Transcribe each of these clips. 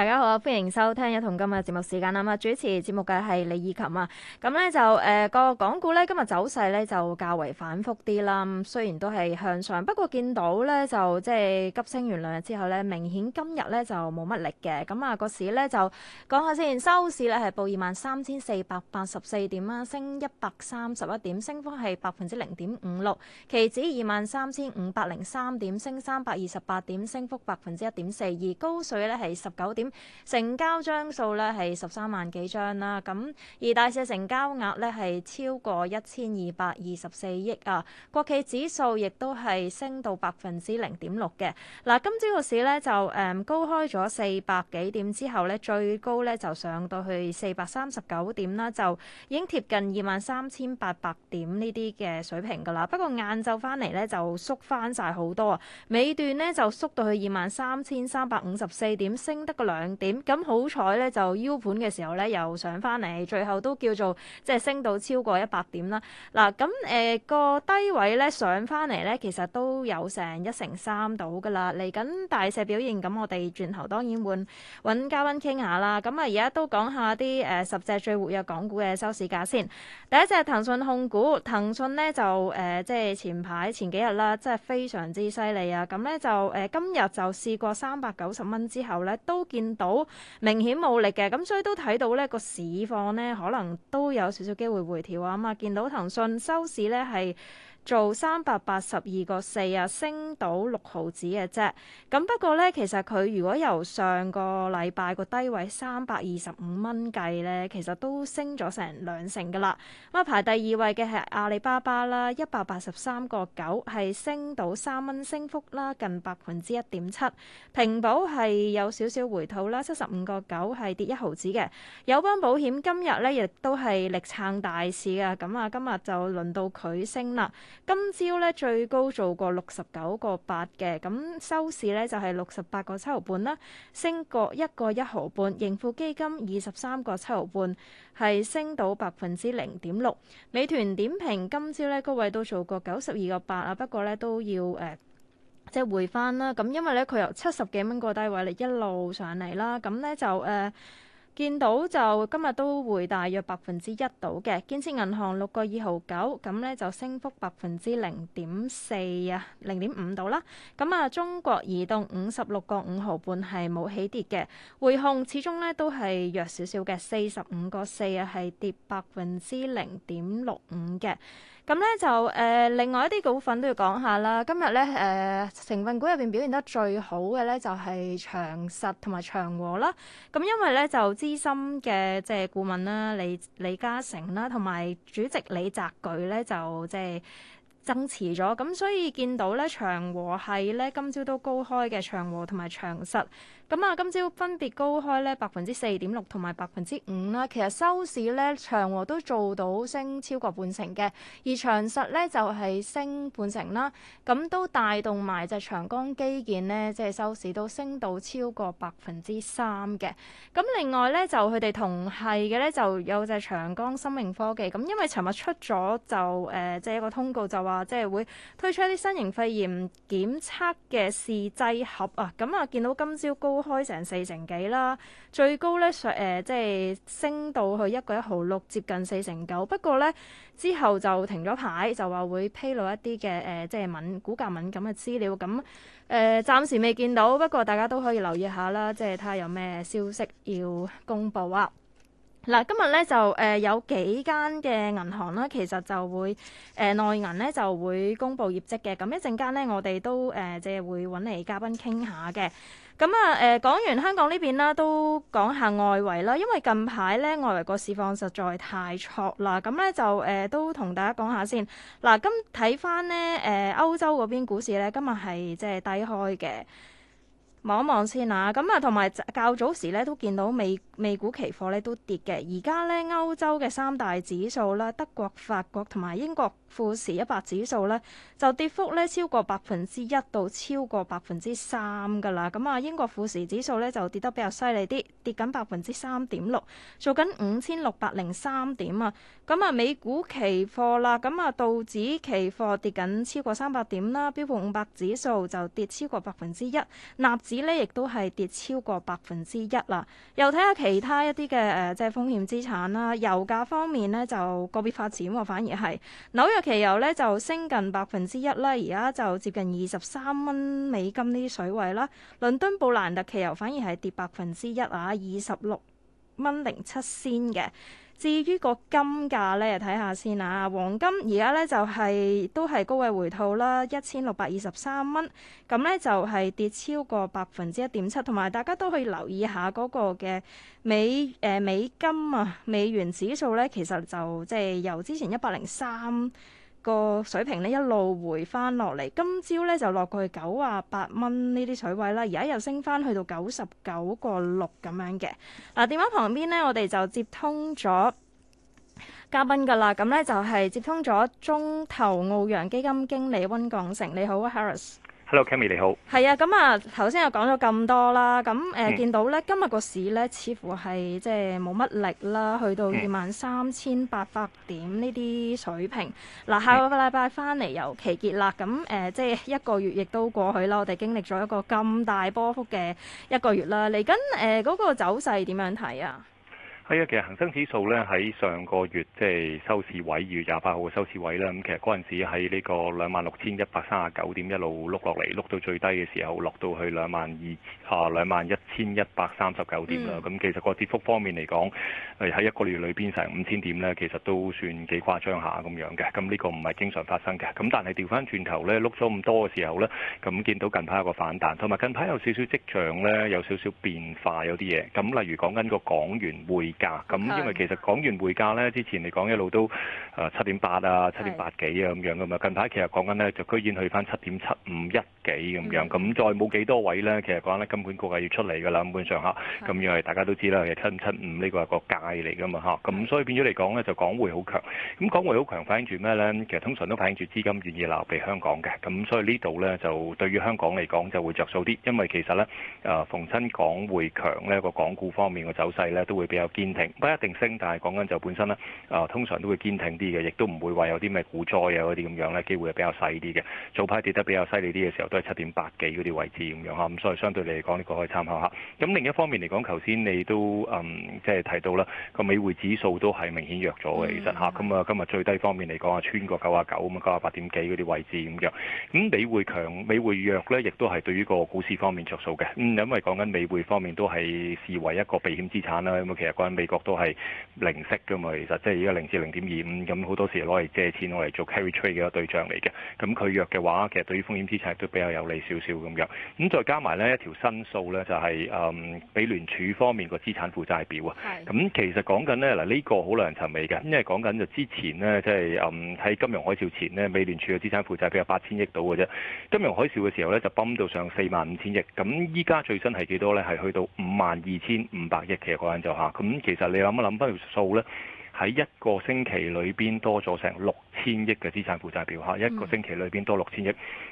大家好，歡迎收聽《一同今日節目時間》啊！咁啊，主持節目嘅係李以琴啊。咁咧就誒，個、呃、港股咧今日走勢咧就較為反復啲啦。咁雖然都係向上，不過見到咧就即係急升完兩日之後咧，明顯今日咧就冇乜力嘅。咁啊，個市咧就講下先，收市咧係報二萬三千四百八十四點啦，升一百三十一點，升幅係百分之零點五六。期指二萬三千五百零三點，升三百二十八點，升幅百分之一點四二。而高水咧係十九點。成交張數咧係十三萬幾張啦，咁而大市成交額咧係超過一千二百二十四億啊。國企指數亦都係升到百分之零點六嘅。嗱，今朝個市咧就誒、嗯、高開咗四百幾點，之後咧，最高咧就上到去四百三十九點啦，就已經貼近二萬三千八百點呢啲嘅水平噶啦。不過晏晝翻嚟咧就縮翻晒好多啊，尾段咧就縮到去二萬三千三百五十四點，升得個兩。兩點咁好彩咧，就 U 盤嘅時候咧，又上翻嚟，最後都叫做即係升到超過一百點啦。嗱咁誒個低位咧上翻嚟咧，其實都有成一成三度噶啦。嚟緊大市表現咁，我哋轉頭當然換揾嘉賓傾下啦。咁啊，而家都講下啲誒十隻最活躍港股嘅收市價先。第一隻騰訊控股，騰訊咧就誒即係前排前幾日啦，真係非常之犀利啊。咁咧就誒、呃、今日就試過三百九十蚊之後咧都見。見到明顯冇力嘅，咁所以都睇到咧個市況咧，可能都有少少機會回調啊咁啊，見到騰訊收市咧係。做三百八十二個四啊，升到六毫子嘅啫。咁不過呢，其實佢如果由上個禮拜個低位三百二十五蚊計呢，其實都升咗成兩成噶啦。咁啊，排第二位嘅係阿里巴巴啦，一百八十三個九係升到三蚊，升幅啦近百分之一點七。平保係有少少回吐啦，七十五個九係跌一毫子嘅。友邦保險今日呢亦都係力撐大市嘅，咁啊，今日就輪到佢升啦。今朝咧最高做過六十九個八嘅，咁收市咧就係六十八個七毫半啦，升過一個一毫半。盈富基金二十三個七毫半，係升到百分之零點六。美團點評今朝咧高位都做過九十二個八啊，不過咧都要誒、呃、即係回翻啦。咁因為咧佢由七十幾蚊個低位嚟一路上嚟啦，咁咧就誒。呃見到就今日都回大約百分之一度嘅，建設銀行六個二毫九，咁咧就升幅百分之零點四啊，零點五度啦。咁啊，中國移動五十六個五毫半係冇起跌嘅，匯控始終咧都係弱少少嘅，四十五個四啊係跌百分之零點六五嘅。咁咧就誒、呃、另外一啲股份都要講下啦。今日咧誒成分股入邊表現得最好嘅咧就係、是、長實同埋長和啦。咁因為咧就資深嘅即係顧問啦李、李嘉誠啦同埋主席李澤鉅咧就即係增持咗，咁所以見到咧長和係咧今朝都高開嘅長和同埋長實。咁啊，今朝分別高開咧百分之四點六同埋百分之五啦。其實收市咧，長和都做到升超過半成嘅，而長實咧就係升半成啦。咁都帶動埋隻長江基建咧，即係收市都升到超過百分之三嘅。咁另外咧，就佢哋同係嘅咧，就有隻長江生命科技。咁因為尋日出咗就誒、呃，即係一個通告就，就話即係會推出一啲新型肺炎檢測嘅試劑盒啊。咁啊，見到今朝高，開成四成幾啦，最高咧上，誒即係升到去一個一毫六，接近四成九。不過咧之後就停咗牌，就話會披露一啲嘅誒即係敏股價敏感嘅資料。咁誒暫時未見到，不過大家都可以留意下啦，即係睇下有咩消息要公佈啊。嗱，今日咧就誒、呃、有幾間嘅銀行啦，其實就會誒內銀咧就會公佈業績嘅。咁一陣間咧我哋都誒即係會搵嚟嘉賓傾下嘅。咁啊，誒講、呃、完香港呢邊啦，都講下外圍啦，因為近排咧外圍個市況實在太挫啦，咁咧就誒、呃、都同大家講下先。嗱、啊，今睇翻咧誒歐洲嗰邊股市咧，今日係即係低開嘅，望一望先啊。咁啊，同埋較早時咧都見到美。美股期貨咧都跌嘅，而家呢，歐洲嘅三大指數啦，德國、法國同埋英國富時一百指數呢就跌幅呢超過百分之一到超過百分之三噶啦。咁啊、嗯，英國富時指數呢就跌得比較犀利啲，跌緊百分之三點六，做緊五千六百零三點啊。咁、嗯、啊，美股期貨啦，咁、嗯、啊道指期貨跌緊超過三百點啦，標普五百指數就跌超過百分之一，納指呢亦都係跌超過百分之一啦。又睇下期。其他一啲嘅誒即係風險資產啦。油價方面咧，就個別發展，啊，反而係紐約期油咧就升近百分之一啦，而家就接近二十三蚊美金呢啲水位啦。倫敦布蘭特期油反而係跌百分之一啊，二十六。蚊零七仙嘅。至於個金價呢，睇下先啊。黃金而家呢、就係，就係都係高位回吐啦，一千六百二十三蚊。咁呢，就係跌超過百分之一點七。同埋大家都可以留意下嗰個嘅美誒、呃、美金啊美元指數呢，其實就即係由之前一百零三個水平咧一路回翻落嚟，今朝咧就落過去九啊八蚊呢啲水位啦，而家又升翻去到九十九個六咁樣嘅。嗱、啊，電話旁邊咧，我哋就接通咗嘉賓噶啦，咁咧就係、是、接通咗中投澳洋基金經理溫鋼城，你好，Harris。Hello，Cammy 你好。係啊，咁啊，頭先又講咗咁多啦，咁誒、嗯，見到咧今日個市咧似乎係即係冇乜力啦，去到二萬三千八百點呢啲水平。嗱、嗯，下個禮拜翻嚟又期結啦，咁、呃、誒，即係一個月亦都過去啦，我哋經歷咗一個咁大波幅嘅一個月啦，嚟緊誒嗰個走勢點樣睇啊？係啊，其實恒生指數咧喺上個月，即係收市位二月廿八號嘅收市位咧，咁其實嗰陣時喺呢個兩萬六千一百三十九點一路碌落嚟，碌到最低嘅時候落到去兩萬二啊兩萬一千一百三十九點啦。咁、嗯、其實個跌幅方面嚟講，係喺一個月裏邊成五千點咧，其實都算幾誇張下咁樣嘅。咁呢個唔係經常發生嘅。咁但係調翻轉頭咧，碌咗咁多嘅時候咧，咁見到近排有個反彈，同埋近排有少少跡象咧，有少少變化，有啲嘢。咁例如講緊個港元匯。價咁，因為其實港元匯價咧，之前嚟講一路都誒七點八啊、七點八幾啊咁樣噶嘛。近排其實講緊咧，就居然去翻七點七五一幾咁樣，咁再冇幾多位咧，其實講咧根本估計要出嚟噶啦，咁樣上下咁，因為大家都知啦，其實七點七五呢個係個界嚟噶嘛，嚇，咁所以變咗嚟講咧，就港匯好強。咁港匯好強反映住咩咧？其實通常都反映住資金願意留畀香港嘅。咁所以呢度咧就對於香港嚟講就會著數啲，因為其實咧誒逢親港匯強咧，個港股方面嘅走勢咧都會比較堅。不一定升，但係講緊就本身呢，啊通常都會堅挺啲嘅，亦都唔會話有啲咩股災啊嗰啲咁樣咧，機會係比較細啲嘅。早排跌得比較犀利啲嘅時候，都係七點八幾嗰啲位置咁樣嚇，咁所以相對嚟講呢個可以參考下。咁另一方面嚟講，頭先你都嗯即係、就是、提到啦，個美匯指數都係明顯弱咗嘅，其實吓，咁、hmm. 啊，今日最低方面嚟講啊，穿過九啊九咁九啊八點幾嗰啲位置咁樣。咁美匯強、美匯弱呢，亦都係對於個股市方面着數嘅。因為講緊美匯方面都係視為一個避險資產啦，咁其實美國都係零息㗎嘛，其實即係依家零至零點二五，咁好多時攞嚟借錢，攞嚟做 carry trade 嘅對象嚟嘅。咁佢弱嘅話，其實對於風險資產都比較有利少少咁樣。咁再加埋呢一條新數呢，就係、是、誒，美、嗯、聯儲方面個資產負債表啊。咁是其實講緊咧嗱，呢、這個好難尋味嘅，因為講緊就之前呢，即係誒喺金融海嘯前呢，美聯儲嘅資產負債表八千億到嘅啫。金融海嘯嘅時候呢，就泵到上四萬五千億。咁依家最新係幾多呢？係去到五萬二千五百億其實嗰陣就嚇。咁其實你諗一諗翻條數咧，喺一個星期裏邊多咗成六千億嘅資產負債表嚇，一個星期裏邊多六千億，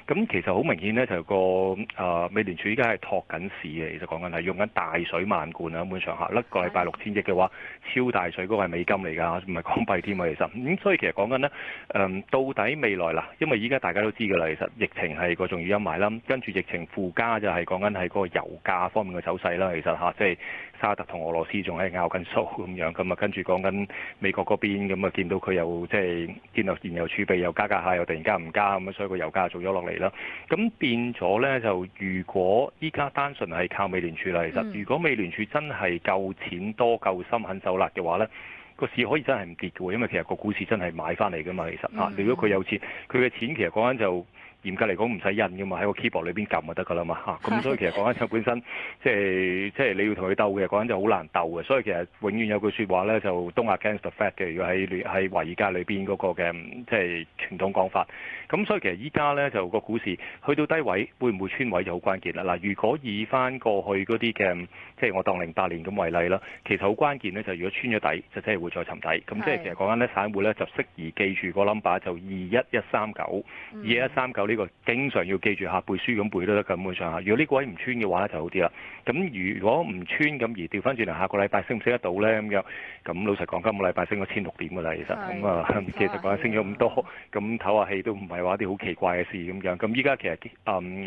咁其實好明顯呢，就個誒、呃、美聯儲依家係托緊市嘅，其實講緊係用緊大水漫灌啊，咁樣上下甩的個禮拜六千億嘅話，超大水嗰、那個係美金嚟㗎，唔係港幣添啊，其實咁、嗯、所以其實講緊呢，誒、嗯、到底未來啦，因為依家大家都知㗎啦，其實疫情係個重要陰霾啦，跟住疫情附加就係講緊係嗰個油價方面嘅走勢啦，其實嚇，即、啊、係、就是、沙特同俄羅斯仲喺度拗緊數咁樣，咁啊跟住講緊美國嗰邊，咁啊見到佢又即係見到。燃油儲備又加價下，又突然間唔加咁，所以個油價做咗落嚟啦。咁變咗呢，就如果依家單純係靠美聯儲啦，其實如果美聯儲真係夠錢多夠心狠手辣嘅話呢個市可以真係唔跌㗎喎，因為其實個股市真係買翻嚟㗎嘛。其實啊，嗯、如果佢有錢，佢嘅、嗯、錢其實講緊就。嚴格嚟講唔使印㗎嘛，喺個 keyboard 裏邊撳就得㗎啦嘛嚇，咁、啊、所以其實講緊就本身即係即係你要同佢鬥嘅，講緊就好難鬥嘅，所以其實永遠有句説話咧，就東亞 gains to fat 嘅，如果喺喺華爾街裏邊嗰個嘅即係傳統講法，咁所以其實依家咧就個股市去到低位，會唔會穿位就好關鍵啦。嗱，如果以翻過去嗰啲嘅即係我當零八年咁為例啦，其實好關鍵咧就是、如果穿咗底，就真、是、係會再沉底。咁即係其實講緊咧散戶咧就適宜記住個 number 就二一一三九，二一一三九。呢個經常要記住下背書咁背都得嘅。基本上嚇，如果呢個位唔穿嘅話咧就好啲啦。咁如果唔穿咁而調翻轉嚟，下個禮拜升唔升得到咧咁樣咁？老實講，今個禮拜升咗千六點嘅啦，其實咁的實啊，的其實講升咗咁多，咁唞下氣都唔係話啲好奇怪嘅事咁樣。咁依家其實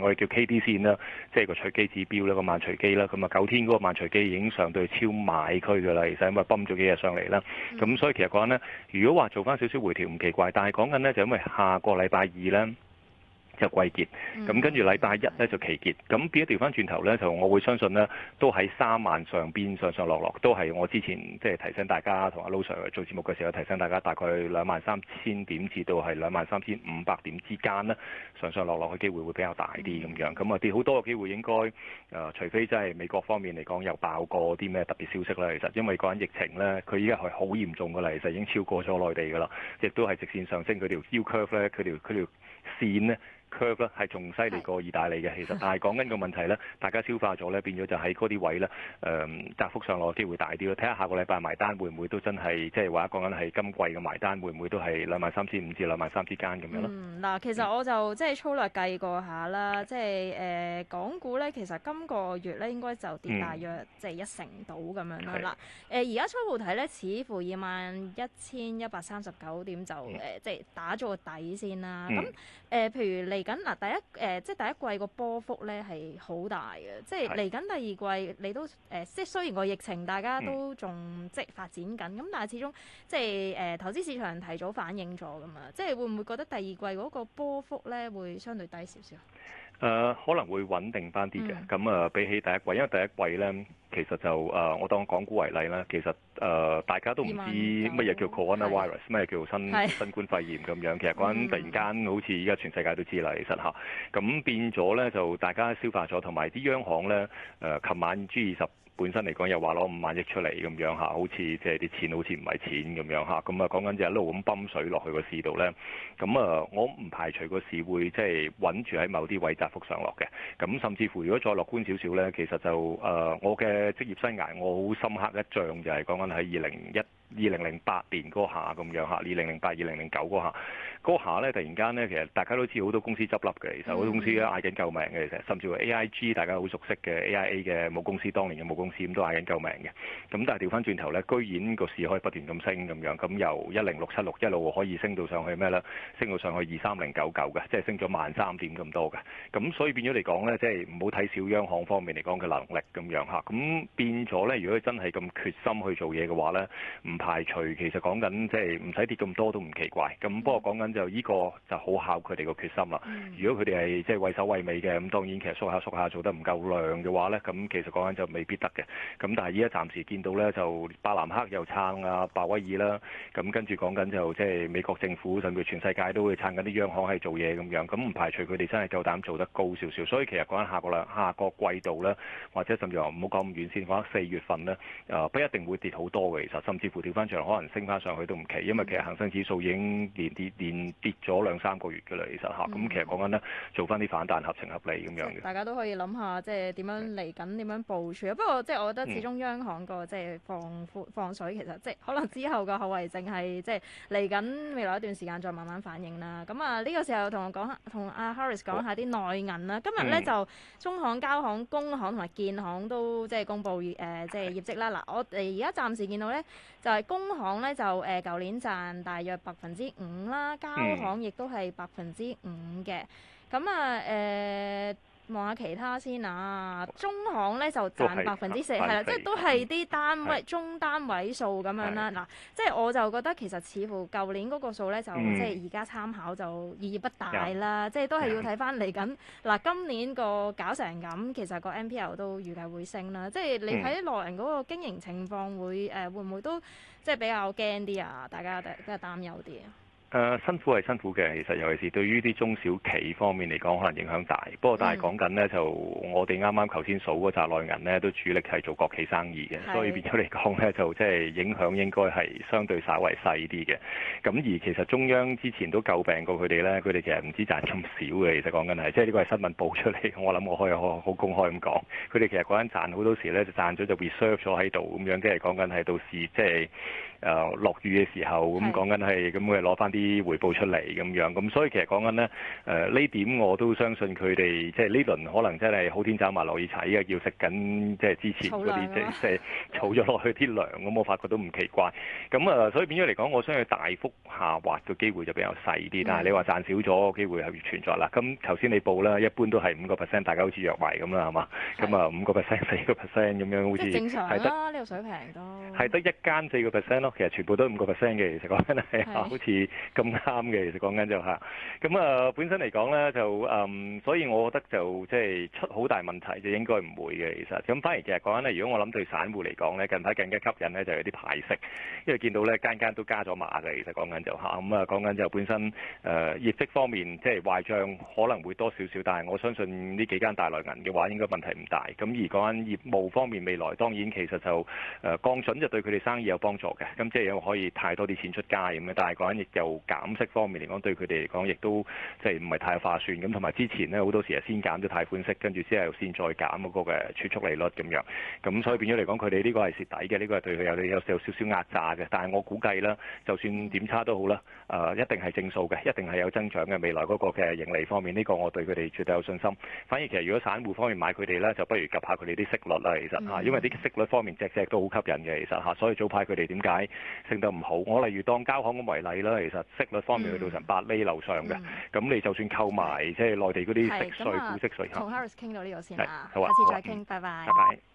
我哋叫 K D 線啦，即係個隨機指標啦，個慢隨機啦，咁啊九天嗰個慢隨機已經上到去超買區嘅啦。其實因為崩咗幾日上嚟啦，咁、嗯、所以其實講緊呢，如果話做翻少少回調唔奇怪，但係講緊呢，就因為下個禮拜二呢。季、 嗯、結，咁跟住禮拜一咧就期結，咁變咗調翻轉頭咧，就我會相信呢都喺三萬上邊上上落落，都係我之前即係提醒大家同阿 Lo Sir 做節目嘅時候，提醒大家大概兩萬三千點至到係兩萬三千五百點之間啦，上上落落嘅機會會比較大啲咁樣，咁啊跌好多嘅機會應該誒、呃，除非真係美國方面嚟講又爆過啲咩特別消息啦，其實因為講緊疫情咧，佢依家係好嚴重㗎啦，其實已經超過咗內地㗎啦，亦都係直線上升佢條 U curve 咧，佢條佢條線呢。curve 咧係仲犀利過意大利嘅，其實，但係講緊個問題咧，大家消化咗咧，變咗就喺嗰啲位咧，誒窄幅上落機會大啲咯。睇下下個禮拜埋單會唔會都真係，即係話講緊係今季嘅埋單會唔會都係兩萬三千五至兩萬三之間咁樣咯。嗯，嗱，其實我就即係粗略計過下啦，即係誒港股咧，其實今個月咧應該就跌大約即係一成到咁樣啦。嗱，誒而家初步睇咧，似乎二萬一千一百三十九點就誒即係打咗個底先啦。咁誒譬如你。咁嗱，第一誒、呃，即係第一季個波幅咧係好大嘅，即係嚟緊第二季你都誒、呃，即係雖然個疫情大家都仲、嗯、即係發展緊，咁但係始終即係誒、呃、投資市場提早反映咗㗎嘛，即係會唔會覺得第二季嗰個波幅咧會相對低少少？誒、呃，可能會穩定翻啲嘅，咁啊、嗯呃、比起第一季，因為第一季咧。其實就誒，我當港股為例啦。其實誒、呃，大家都唔知乜嘢叫 coronavirus，乜嘢的叫新的新冠肺炎咁樣。其實嗰陣突然間好似而家全世界都知啦。其實吓，咁變咗咧就大家消化咗，同埋啲央行咧誒，琴、呃、晚 G 二十本身嚟講又話攞五萬億出嚟咁樣吓，好似即係啲錢好似唔係錢咁樣吓，咁啊講緊就一路咁泵水落去市個市度咧。咁、就、啊、是，我唔排除個市會即係穩住喺某啲位窄幅上落嘅。咁甚至乎如果再樂觀少少咧，其實就誒、呃，我嘅。誒，職業生涯，我好深刻一仗就係講緊喺二零一。二零零八年嗰下咁樣嚇，二零零八、二零零九嗰下，嗰下咧突然間咧，其實大家都知好多公司執笠嘅，其實好多公司咧嗌緊救命嘅，其實甚至乎 AIG 大家好熟悉嘅 AIA 嘅母公司當年嘅母公司咁都嗌緊救命嘅。咁但係調返轉頭咧，居然個市可以不斷咁升咁樣，咁由一零六七六一路可以升到上去咩咧？升到上去二三零九九嘅，即係升咗萬三點咁多嘅。咁所以變咗嚟講咧，即係唔好睇小央行方面嚟講嘅能力咁樣嚇。咁變咗咧，如果真係咁決心去做嘢嘅話咧，唔～排除其實講緊即係唔使跌咁多都唔奇怪，咁、嗯、不過講緊就呢個就好考佢哋個決心啦。嗯、如果佢哋係即係畏首畏尾嘅，咁當然其實縮下縮下做得唔夠量嘅話呢，咁其實講緊就未必得嘅。咁但係依家暫時見到呢，就伯南克又撐啊，鮑威爾啦，咁跟住講緊就即係美國政府甚至全世界都會撐緊啲央行係做嘢咁樣，咁唔排除佢哋真係夠膽做得高少少。所以其實講緊下個輪下個季度呢，或者甚至話唔好講咁遠先講四月份呢，不一定會跌好多嘅，其實甚至乎翻上可能升翻上去都唔奇，因為其實恒生指數已經連跌連跌咗兩三個月嘅啦。嗯、其實嚇，咁其實講緊咧，做翻啲反彈合情合理咁樣嘅。大家都可以諗下，即係點樣嚟緊？點樣部署啊？是不過即係、就是、我覺得始終央行個即係放放水，其實即係、就是、可能之後嘅後遺症係即係嚟緊未來一段時間再慢慢反應啦。咁啊，呢個時候同我講，同阿 Harris 講下啲內銀啦。好今日咧、嗯、就中行、交行、工行同埋建行都即係、就是、公布誒即係業績啦。嗱是，我哋而家暫時見到咧就。工行咧就誒，舊、呃、年賺大約百分之五啦，交行亦都係百分之五嘅，咁啊誒。呃望下其他先啊，中行咧就賺百分之四，係啦是，即係、就是、都係啲單位的中單位數咁樣啦、啊。嗱的，即係我就覺得其實似乎舊年嗰個數咧就、嗯、即係而家參考就意義不大啦。嗯、即係都係要睇翻嚟緊。嗱，今年個搞成咁，其實個 NPL 都預計會升啦。即係你睇落人嗰個經營情況會誒、呃，會唔會都即係比較驚啲啊？大家都係擔憂啲啊？呃、辛苦係辛苦嘅，其實尤其是對於啲中小企方面嚟講，可能影響大。不過但係講緊呢，嗯、就我哋啱啱頭先數嗰扎內銀呢，都主力係做國企生意嘅，是所以變咗嚟講呢，就即係影響應該係相對稍微細啲嘅。咁而其實中央之前都詬病過佢哋呢，佢哋其實唔知賺咁少嘅。其實講緊係，即係呢個係新聞報出嚟，我諗我可以好公開咁講，佢哋其實嗰陣賺好多時呢，賺就賺咗就 reserve 咗喺度咁樣，即係講緊係到時即係誒落雨嘅時候咁講緊係，咁佢攞翻啲。是啲回報出嚟咁樣，咁所以其實講緊呢，誒、呃、呢點我都相信佢哋即係呢輪可能真係好天走埋落雨柴嘅，要食緊即係之前嗰啲即係儲咗落去啲糧咁，我發覺都唔奇怪。咁啊，所以變咗嚟講，我相信大幅下滑嘅機會就比較細啲。是但係你話賺少咗機會係存在啦。咁頭先你報啦，一般都係五個 percent，大家好似約埋咁啦，係嘛？咁是啊，五個 percent、四個 percent 咁樣好似即係正常，係得呢度水平咯，係得一間四個 percent 咯，其實全部都五個 percent 嘅，其實講真係好似。咁啱嘅，其實講緊就嚇，咁啊本身嚟講咧就嗯，所以我覺得就即係、就是、出好大問題就應該唔會嘅，其實咁反而其實講緊咧，如果我諗對散戶嚟講咧，近排更加吸引咧就有啲派息。因為見到咧間間都加咗碼嘅，其實講緊就嚇，咁啊講緊就本身誒、呃、業績方面即係壞帳可能會多少少，但係我相信呢幾間大內銀嘅話應該問題唔大。咁而講緊業務方面未來，當然其實就誒降準就對佢哋生意有幫助嘅，咁即係可以貸多啲錢出街咁嘅。但係講緊亦又。減息方面嚟講，對佢哋嚟講亦都即係唔係太劃算咁。同埋之前呢，好多時係先減咗貸款息，跟住之後先再減嗰個嘅儲蓄利率咁樣。咁所以變咗嚟講，佢哋呢個係蝕底嘅，呢個係對佢有有少少壓榨嘅。但係我估計啦，就算點差都好啦，誒一定係正數嘅，一定係有增長嘅未來嗰個嘅盈利方面，呢個我對佢哋絕對有信心。反而其實如果散戶方面買佢哋呢，就不如及下佢哋啲息率啦。其實嚇，因為啲息率方面隻隻都好吸引嘅，其實嚇，所以早排佢哋點解升得唔好？我例如當交行咁為例啦，其實。息率方面，去到成八厘樓上嘅，咁、嗯、你就算購買，即係內地嗰啲息稅股、啊、息稅，同 Harris 傾到呢個先啦，好啊、下次再傾，啊、拜拜。拜拜。